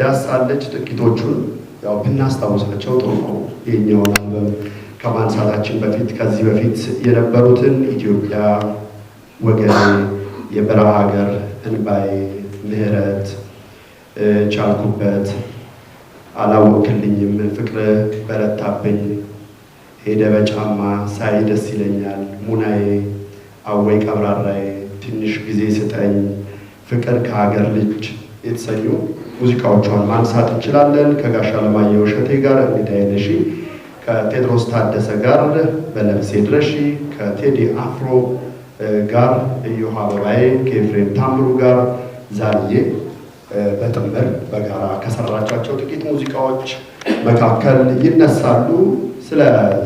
ዳስ አለች። ጥቂቶቹን ያው ብናስታውሳቸው ጥሩ ነው። ይህኛውን አንበብ ከማንሳታችን በፊት ከዚህ በፊት የነበሩትን ኢትዮጵያ፣ ወገኔ፣ የበረሃ ሀገር፣ እንባዬ፣ ምህረት፣ ቻልኩበት፣ አላወክልኝም፣ ፍቅር በረታብኝ፣ ሄደ በጫማ ሳይ ደስ ይለኛል፣ ሙናዬ፣ አወይ ቀብራራዬ፣ ትንሽ ጊዜ ስጠኝ፣ ፍቅር ከሀገር ልጅ የተሰኙ ሙዚቃዎቿን ማንሳት እንችላለን። ከጋሽ አለማየሁ እሸቴ ጋር እንግዳይን ከቴድሮስ ታደሰ ጋር በለብሴ ድረሺ፣ ከቴዲ አፍሮ ጋር እዮሃ አበባዬ፣ ከኤፍሬም ታምሩ ጋር ዛልዬ በጥምር በጋራ ከሰራቻቸው ጥቂት ሙዚቃዎች መካከል ይነሳሉ። ስለ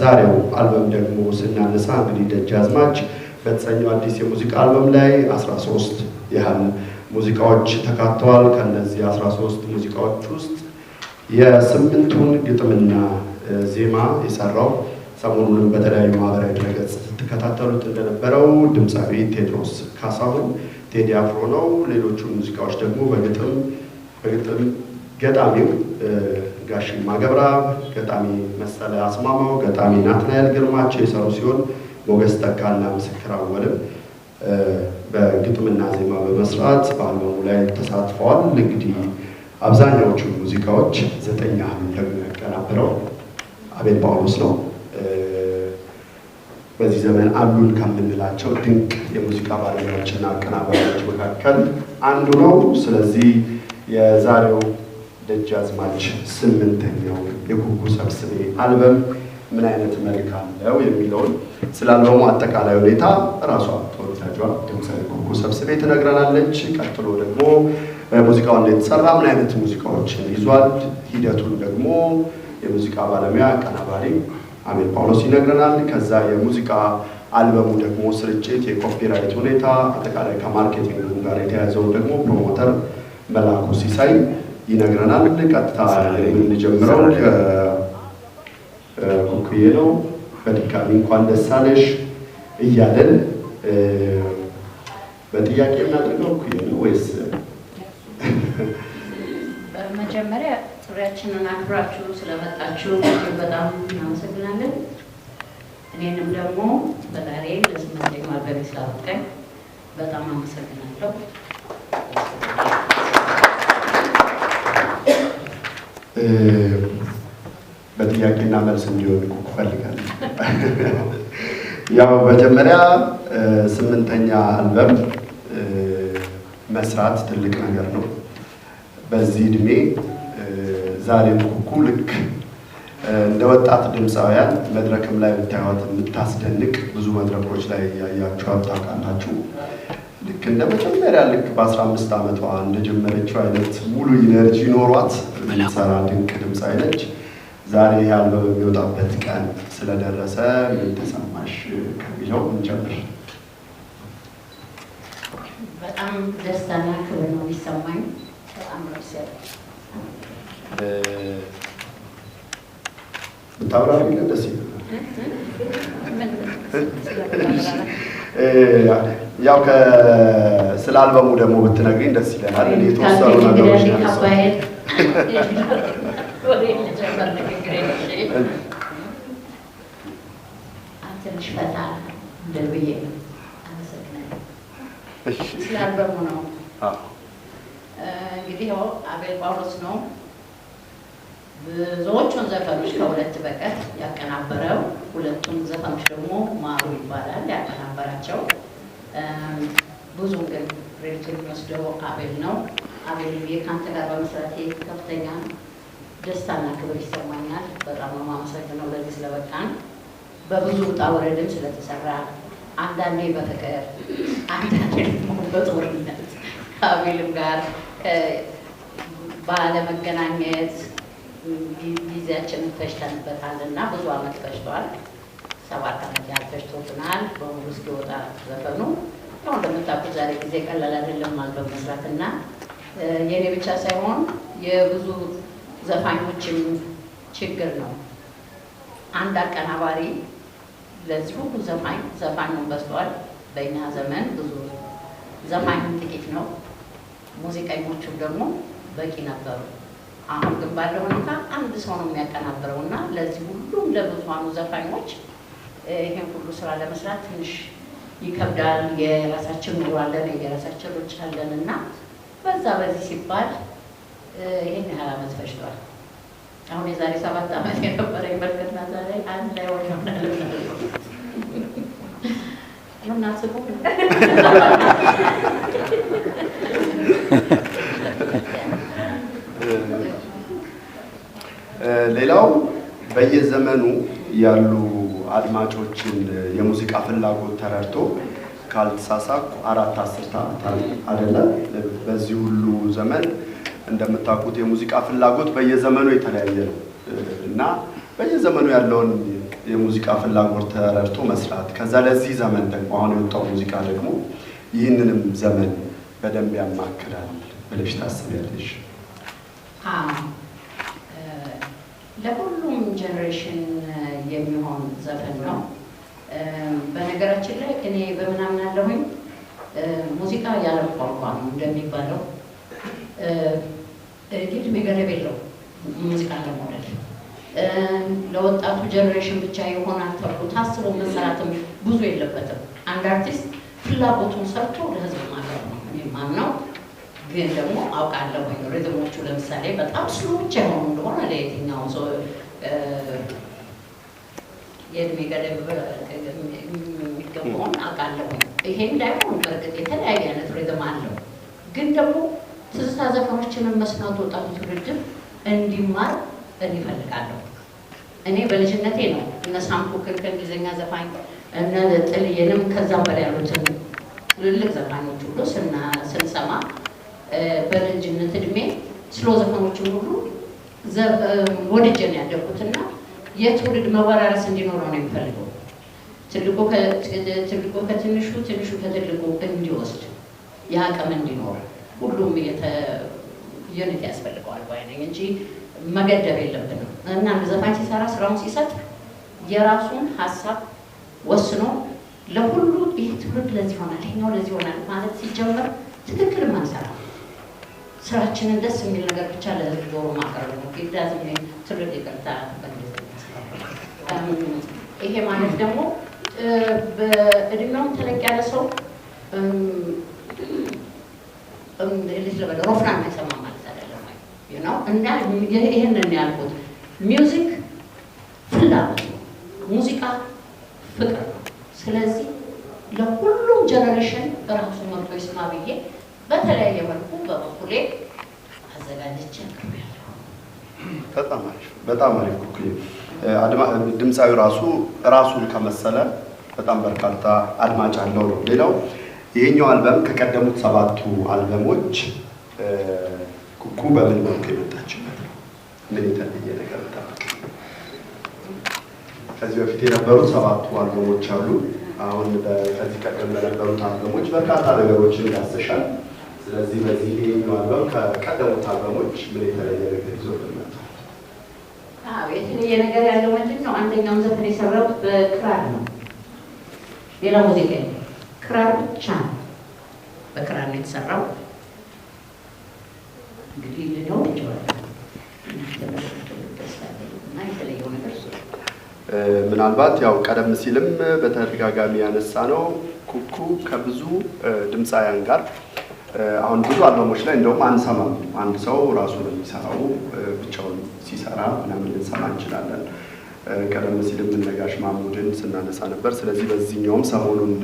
ዛሬው አልበም ደግሞ ስናነሳ እንግዲህ ደጃዝማች በተሰኘው አዲስ የሙዚቃ አልበም ላይ 13 ያህል ሙዚቃዎች ተካተዋል። ከነዚህ 13 ሙዚቃዎች ውስጥ የስምንቱን ግጥምና ዜማ የሰራው ሰሞኑንም በተለያዩ ማህበራዊ ድረገጽ ስትከታተሉት እንደነበረው ድምፃዊ ቴድሮስ ካሳሁን ቴዲ አፍሮ ነው። ሌሎቹ ሙዚቃዎች ደግሞ በግጥም በግጥም ገጣሚው ጋሽ ማገብራብ ገጣሚ መሰለ አስማማው፣ ገጣሚ ናትናኤል ግርማቸው የሰሩ ሲሆን ሞገስ ተካና ምስክር አወልም በግጥምና ዜማ በመስራት በአልበሙ ላይ ተሳትፈዋል። እንግዲህ አብዛኛዎቹ ሙዚቃዎች ዘጠኝ ያህል ደግሞ አቤል ጳውሎስ ነው። በዚህ ዘመን አሉን ከምንላቸው ድንቅ የሙዚቃ ባለሙያዎችና አቀናባሪዎች መካከል አንዱ ነው። ስለዚህ የዛሬው ደጃዝማች ስምንተኛው የጉጉ ሰብስቤ አልበም ምን አይነት መልክ አለው የሚለውን ስለ አልበሙ አጠቃላይ ሁኔታ እራሷ ሰብስቤ ትነግረናለች። ቀጥሎ ደግሞ ሙዚቃው እንደተሰራ ምን አይነት ሙዚቃዎችን ይዟል፣ ሂደቱን ደግሞ የሙዚቃ ባለሙያ አቀናባሪ አሜል ጳውሎስ ይነግረናል። ከዛ የሙዚቃ አልበሙ ደግሞ ስርጭት፣ የኮፒራይት ሁኔታ፣ አጠቃላይ ከማርኬቲንግ ጋር የተያያዘውን ደግሞ ፕሮሞተር መላኩ ሲሳይ ይነግረናል። ቀጥታ የምንጀምረው ኩኩዬ ነው። በድጋሚ እንኳን ደስ አለሽ እያለን በጥያቄ የምናደርገው እኩ ነው ወይስ? በመጀመሪያ ጥሪያችንን አክብራችሁ ስለመጣችሁ በጣም እናመሰግናለን። እኔንም ደግሞ በዛሬ ለስምንተኛ ማገሪ ስላበቃኝ በጣም አመሰግናለሁ። በጥያቄና መልስ እንዲሆን ይፈልጋል። ያው መጀመሪያ ስምንተኛ አልበም መስራት ትልቅ ነገር ነው። በዚህ እድሜ ዛሬም ኩኩ ልክ እንደ ወጣት ድምፃውያን መድረክም ላይ ብታዩት የምታስደንቅ ብዙ መድረኮች ላይ ያያችኋት ታውቃላችሁ። ልክ እንደ መጀመሪያ ልክ በ15 ዓመቷ እንደጀመረችው አይነት ሙሉ ኢነርጂ ኖሯት የምትሰራ ድንቅ ድምፃዊ ነች። ዛሬ ያለው የሚወጣበት ቀን ስለደረሰ ምን ተሰማሽ ከሚለው እንጀምር። ደስታና ክብር ነው የሚሰማኝ። በጣም ነው ሲያል ብታብራሪ ደስ ያው ስለ አልበሙ ደግሞ ብትነግሪኝ ደስ ይለናል። የተወሰኑ ነገሮች ትንሽ ነው ስላልበሙ ነው። እንግዲህ ያው አቤል ጳውሎስ ነው ብዙዎቹን ዘፈኖች ከሁለት በቀር ያቀናበረው። ሁለቱም ዘፈኖች ደግሞ ማሩ ይባላል ያቀናበራቸው። ብዙም ግን ክሬዲቱን የሚወስደው አቤል ነው። አቤል ከአንተ ጋር በመስራት ከፍተኛ ደስታና ክብር ይሰማኛል። በጣም ነው የማመሰግነው ለዚህ ስለበቃን በብዙ ውጣ ውረድም ስለተሰራ አንዳንዴ በፍቅር አንዳንዴ ደግሞ በጦርነት ከአቤልም ጋር ባለመገናኘት ጊዜያችንን ፈጅተንበታል እና ብዙ አመት ፈጅቷል። ሰባት አመት ያህል ፈጅቶብናል በሙሉ እስኪወጣ ዘፈኑ። ያው እንደምታውቁት ዛሬ ጊዜ ቀላል አይደለም አልበም መስራት እና የእኔ ብቻ ሳይሆን የብዙ ዘፋኞችም ችግር ነው። አንድ አቀናባሪ ለዚህ ሁሉ ዘፋኝ ነው በዝቷል። በእኛ ዘመን ብዙ ዘፋኙም ጥቂት ነው፣ ሙዚቀኞቹም ደግሞ በቂ ነበሩ። አሁን ግን ባለው ሁኔታ አንድ ሰው ነው የሚያቀናብረው እና ለዚህ ሁሉም ለብዙሃኑ ዘፋኞች ይህን ሁሉ ስራ ለመስራት ትንሽ ይከብዳል። የራሳችን ኑሮ አለን፣ የራሳችን ሮች አለን እና በዛ በዚህ ሲባል ይህን ያህል አመት ፈጅቷል። አሁን የዛሬ ሰባት አመት የነበረ ይመልከትና ዛሬ አንድ ላይ ሆነ ሌላው በየዘመኑ ያሉ አድማጮችን የሙዚቃ ፍላጎት ተረድቶ ካልተሳሳኩ አራት አስርት ዓመታት አይደለ? በዚህ ሁሉ ዘመን እንደምታውቁት የሙዚቃ ፍላጎት በየዘመኑ የተለያየ ነው እና በየዘመኑ ያለውን የሙዚቃ ፍላጎት ተረድቶ መስራት ከዛ ለዚህ ዘመን ደግሞ አሁን የወጣው ሙዚቃ ደግሞ ይህንንም ዘመን በደንብ ያማክላል ብለሽ ታስቢያለሽ? ለሁሉም ጀኔሬሽን የሚሆን ዘፈን ነው። በነገራችን ላይ እኔ በምናምን አለሁኝ ሙዚቃ ያለ ቋንቋ ነው እንደሚባለው፣ እድሜ ገደብ የለው ሙዚቃ ለመውደድ ለወጣቱ ጀኔሬሽን ብቻ ይሆናል ተብሎ ታስቦ መሰራትም ብዙ የለበትም። አንድ አርቲስት ፍላጎቱን ሰርቶ ለህዝብ ማቅረብ ነው። እኔ ማምነው ግን ደግሞ አውቃለሁ ሪዝሞቹ ለምሳሌ በጣም ስሎ ብቻ የሆኑ እንደሆነ ለየትኛውም ሰው የእድሜ ገደብ የሚገባውን አውቃለሁ። ይሄ እንዳይሆን በእርግጥ የተለያየ አይነት ሪዝም አለው። ግን ደግሞ ትዝታ ዘፈኖችንም መስናት ወጣቱ ትውልድም እንዲማር እኔ እፈልጋለሁ። እኔ በልጅነቴ ነው እነ ሳምኩክን ከእንግሊዝኛ ዘፋኝ እነ ጥልዬንም ከዛም በላይ ያሉትን ትልልቅ ዘፋኞች ሁሉ ስንሰማ በልጅነት እድሜ ስሎ ዘፈኖችን ሁሉ ወድጄ ያደጉትና የትውልድ መወራረስ እንዲኖረው ነው የሚፈልገው። ትልቁ ከትንሹ ትንሹ ከትልቁ እንዲወስድ የአቅም እንዲኖር ሁሉም እየነት ያስፈልገዋል ባይነኝ እንጂ መገደብ የለብንም እና ዘፋኝ ሲሰራ ስራውን ሲሰጥ የራሱን ሀሳብ ወስኖ ለሁሉ ይህ ትውልድ ለዚህ ይሆናል፣ ይኛው ለዚህ ይሆናል ማለት ሲጀምር ትክክል ማንሰራ ስራችንን ደስ የሚል ነገር ብቻ ለህዝብ ጆሮ ማቅረብ ነው። ዳዝ ትልቅ ይቅርታ። ይሄ ማለት ደግሞ በእድሜውም ተለቅ ያለ ሰው ልጅ ልበለ ሮፍና የማይሰማ ማለት ይህንን ያልኩት ሚውዚክ ፍላጎት ነው። ሙዚቃ ፍቅር ነው። ስለዚህ ለሁሉም ጀነሬሽን እራሱ መርጦ ይስማ ብዬ በተለያየ መልኩ በበኩሌ አዘጋጅቼ በጣም አሪፍ በጣም ድምፃዊ ራሱ ራሱን ከመሰለ በጣም በርካታ አድማጭ አለው ነው። ሌላው ይህኛው አልበም ከቀደሙት ሰባቱ አልበሞች ኩኩ በምን መልኩ የመጣችበት ነው። ምን የተለየ ነገር መጠበቅ ከዚህ በፊት የነበሩት ሰባቱ አልበሞች አሉ። አሁን ከዚህ ቀደም በነበሩት አልበሞች በርካታ ነገሮችን ያሰሻል። ስለዚህ በዚህ ይሄኛው አልበም ከቀደሙት አልበሞች ምን የተለየ ነገር ይዞ ብንመጣ የተለየ ነገር ያለው ምንድን ነው? አንደኛውን ዘፈን የሰራሁት በክራር ነው። ሌላ ሙዚቃ ክራር ብቻ ነው፣ በክራር ነው የተሰራው። እንግዲህ ልነው እችላለሁ ምናልባት ያው ቀደም ሲልም በተደጋጋሚ ያነሳ ነው ኩኩ ከብዙ ድምፃውያን ጋር አሁን ብዙ አልበሞች ላይ እንደውም አንሰማም። አንድ ሰው ራሱ የሚሰራው፣ ብቻውን ሲሰራ ምናምን ልንሰማ እንችላለን። ቀደም ሲልም ነጋሽ ማሙድን ስናነሳ ነበር። ስለዚህ በዚህኛውም ሰሞኑን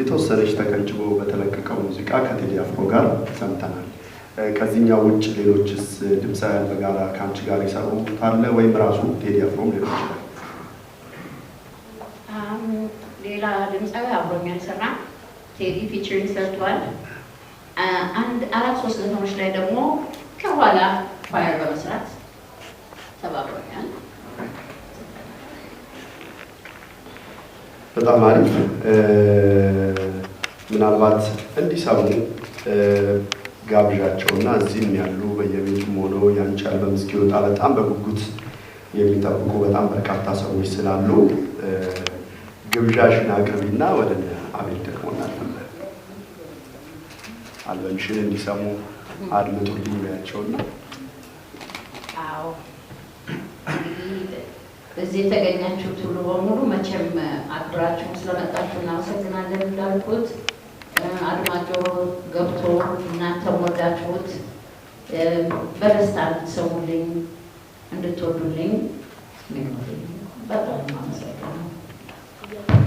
የተወሰነች ተቀንጭቦ በተለቀቀው ሙዚቃ ከቴዲ አፍሮ ጋር ሰምተናል። ከዚህኛው ውጭ ሌሎችስ ድምፃውያን በጋራ ከአንቺ ጋር ይሰሩ ይሰሩታል ወይም ራሱ ቴዲ አፍሮም ሊሆን ይችላል? ሌላ ድምፃዊ አብሮኝ ያልሰራ ቴዲ ፊቸሪንግ ሰርቷል። አንድ አራት ሶስት ዘፈኖች ላይ ደግሞ ከኋላ ኳየር በመስራት ተባብሮኛል። በጣም አሪፍ ምናልባት እንዲሰሙ ጋብዣቸውና እዚህም ያሉ በየቤቱም ሆነው ያንቻል በምስኪ ወጣ በጣም በጉጉት የሚጠብቁ በጣም በርካታ ሰዎች ስላሉ ግብዣሽን አቅርቢና ወደ አቤል ደግሞ እናልፋለን። አልበምሽን እንዲሰሙ አድምጡልኝ በያቸውና እዚህ የተገኛችሁት ሁሉ በሙሉ መቼም አክብራችሁ ስለመጣችሁ እናመሰግናለን እንዳልኩት አድማጮ ገብቶ እናንተም ወዳችሁት በደስታ እንድትሰሙልኝ እንድትወዱልኝ በጣም አመሰግናለሁ።